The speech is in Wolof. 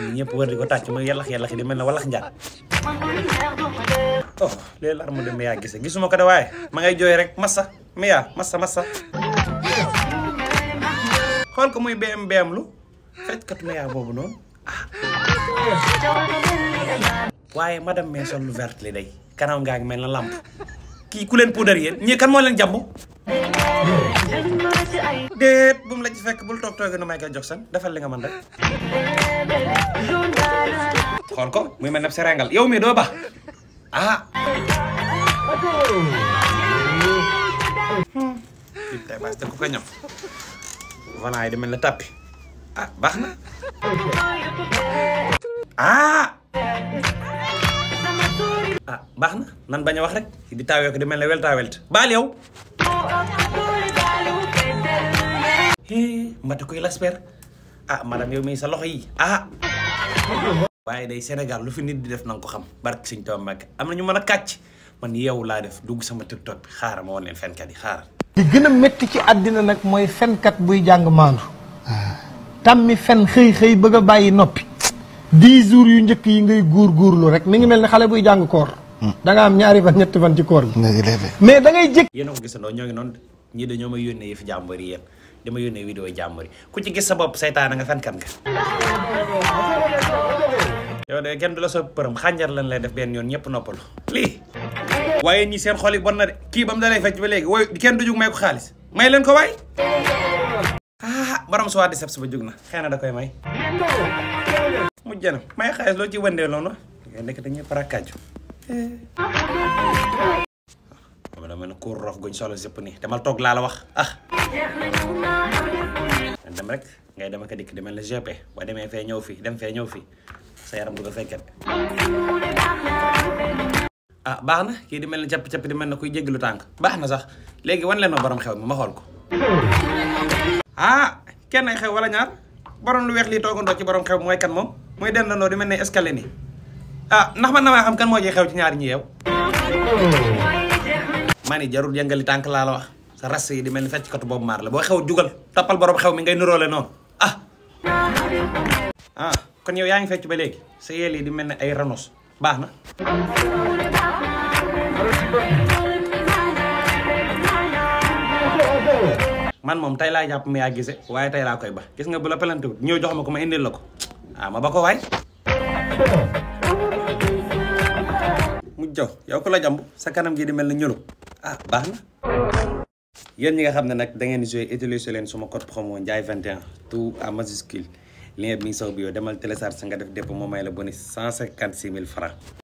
Iya, di kota cuma ya lah ya lah di mana walah enggak. oh leel armu de meya gisse gisuma ko da way Mangai joy rek masa. mea masa masa. xol kamu bm bm lu fit kat mea mau non Wae madam mea sol lu lidai? Karena enggak main nga ki ku len poudre yeen ñi kan mo len jàmbu déet bu mu la ci fekk bu tok toge nu Michael Jackson defal li nga man rek xol ko muy mel nap serangal yow mi do ba ah tey baas te ku ko ñom wala ay di mel la tapi ah baxna ah baxna nan baña wax rek di tawé ko di mel welta weltaa welt baal yow mbati koy lasper ah madam yow mi sa loxo yi ah waye day Sénégal lu fi nit di def nang ko xam barke seigne Tuubaa mak amna ñu mëna katch man yow la def dug sama TikTok bi xaar ma wonen fen kat yi xaar di gëna metti ci adina nak moy fen kat buy jang maandu tàmmi fen xey xey bëgg bayyi nopi 10 jours yu ñëk yi ngay gor lu rek mi ngi melni xalé buy jang koor da nga am ñaari fan ñett fan ci koor mais da ngay jékki yeen a ko gisandoo ñoo ngi non ñi dañu ma yone yëf jàmbur yi yéen dama yone video jambari ku ci gis sa bop setan nga fan kan nga yow de kenn du la sa përëm xànjar lan lay def ben yoon ñepp noppalu li waye ñi seen xol yi bon na de ki bam dalay fecc ba legi way kenn du jug may ko xaalis may leen ko way ah borom suwaa di sab ba jug na xëy da koy may mujjana may xaalis lo ci wëndee lono nek nekk dañuy parakaju dama la mel ko rof guñ solo sëpp ni demal toog laa la ah dem rek ngay ada makan di demel la gp boo demee fee ñëw fi dem fee Saya fi sa yaram du ko ah bahana? na di mel ni capp di mel na kuy sah. Lagi one na sax léegi wan ah kenn ay xew wala ñaar borom lu weex lii toogandoo ci borom xew mooy kan moom muy dendandoo di mel escalier ah ndax man damaa xam kan moo ciy xew ci ñaari ñi yow. ma ni jarul yëngali tànk laa la wax sa ras yi di mel ni fecc katu boobu maar la boo xew jugal toppal borom xew mi ngay nuróole noonu ah. ah kon yow yaa ngi fecc ba léegi sa yeel yi di mel ni ay ranos baax na. man moom tey laa jàpp mu yaa gise waaye tey laa koy ba gis nga bu la pelante ñëw jox ma ko ma indil la ko ah, ma ba waay mu jaw yow ko la jàmb sa kanam gi di mel na ñulu ah baax na yéen ñi nga xam ne nag da ngeen joué utiliser leen suma code promo Ndiaye 21 tout en majuscule lien bi mi ngi sax bio demal télécharge sa nga def dépôt moo may la bonus 156 000 francs